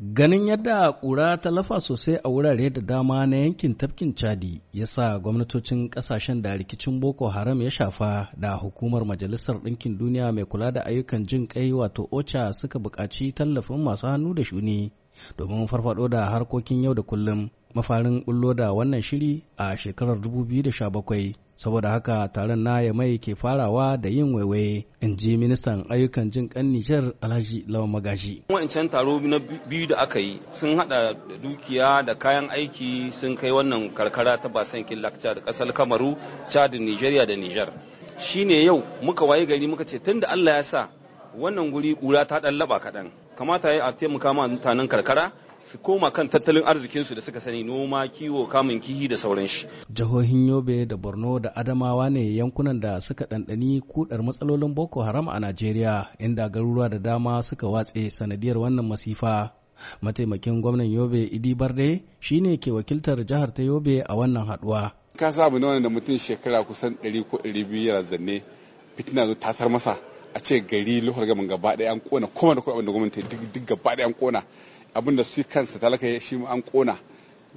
Ganin yadda ƙura ta lafa sosai a wurare da dama na yankin tafkin Chadi ya sa gwamnatocin ƙasashen da rikicin Boko Haram ya shafa da hukumar Majalisar Ɗinkin Duniya mai kula da ayyukan jin ƙai wato OCHA suka buƙaci tallafin masu hannu da shuni domin farfaɗo da harkokin yau da kullum mafarin bullo da wannan shiri a shekarar 2017. saboda haka taron na ya mai ke farawa da yin waiwaye in ji ministan ayyukan jin kan nijar alhaji lawan magashi wancan taro na biyu da aka yi sun hada dukiya da kayan aiki sun kai wannan karkara ta basankin lakca da kasar kamaru chad nigeria da nijar ne yau muka waye gari muka ce tunda allah ya sa wannan guri kura ta dan laba kaɗan kamata ya a taimaka ma mutanen karkara su koma kan tattalin arzikinsu da suka sani noma kiwo kamun kihi da sauran shi jihohin yobe da borno da adamawa ne yankunan da suka ɗanɗani kudar matsalolin boko haram a najeriya inda garuruwa da dama suka watse sanadiyar wannan masifa mataimakin gwamnan yobe idi barde shine ke wakiltar jihar ta yobe a wannan haduwa ka samu nawa da mutum shekara kusan 100 ko 200 zanne fitina zo tasar masa a ce gari lokar gaban gaba ɗaya an kona kuma da kuma abin da gwamnati duk gaba ɗaya an kona abin da su kansa talaka shi an kona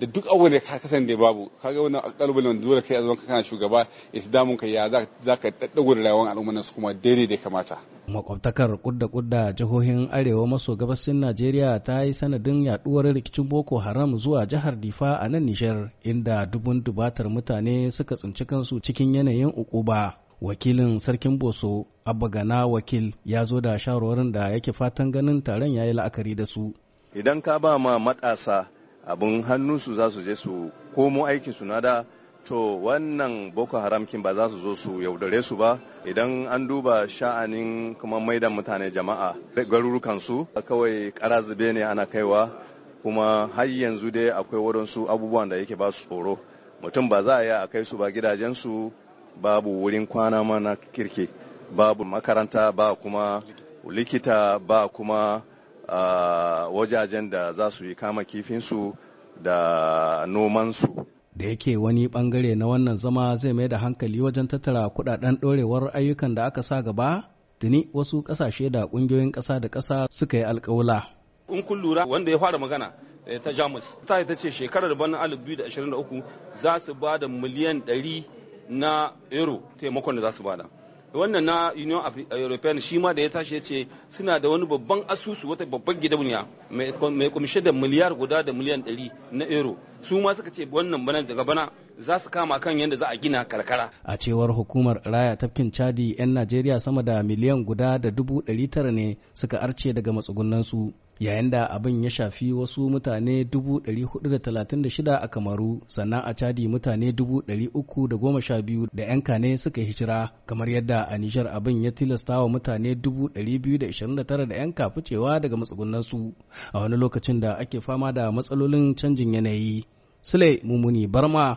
da duk abin da ka kasan da babu kaga wannan kalubale wanda dole kai a zaman kana shugaba ya damun ka ya za ka daddago da rayuwar al'umma su kuma daidai da kamata makwabtakar kudda kudda jihohin arewa maso gabasin najeriya ta yi sanadin yaduwar rikicin boko haram zuwa jihar difa a nan nijar inda dubun dubatar mutane suka tsinci kansu cikin yanayin ukuba wakilin sarkin boso abba gana wakil ya zo da shawarwarin da yake fatan ganin taron ya yi la'akari da su idan ka ba ma matasa abin su za su je su komo aikinsu na da to wannan boko haram kin ba za su zo su yaudare su ba idan an duba sha'anin kuma maida mutane jama'a garurukansu kawai kara zube ne ana kaiwa kuma har yanzu dai akwai waɗansu abubuwan da yake ba su tsoro mutum ba za a yi a kai su ba gidajensu babu wurin kwana mana kirki babu makaranta ba kuma likita ba kuma wajajen da za su yi kama kifinsu da nomansu. da yake wani bangare na wannan zama zai mai da hankali wajen tattara kudaden ɗorewar ayyukan da aka sa gaba tuni wasu kasashe da kungiyoyin kasa da kasa suka yi alkawula in kun lura wanda ya fara magana eh, ta jamus ta ta ce shekarar bana 2023 za su ba da miliyan 100 na euro taimakon da za su bada wannan na union european shi ma da ya tashi ya ce suna da wani babban asusu wata babban gidauniya mai kumshe da miliyar guda da miliyan 100 na euro su ma suka ce wannan bana daga bana za su kama kan yadda za a gina karkara. A cewar hukumar raya tafkin Chadi 'yan Najeriya sama da miliyan guda da dubu ɗari tara ne suka arce daga matsugunansu yayin da abin ya shafi wasu mutane dubu ɗari hudu da talatin da shida a Kamaru sannan a Chadi mutane dubu ɗari uku da goma sha biyu da 'yan kane suka hijira kamar yadda a Nijar abin ya tilasta wa mutane dubu ɗari biyu da ishirin da tara da 'yan ficewa daga matsugunansu a wani lokacin da ake fama da matsalolin canjin yanayi. Sule Mumuni Barma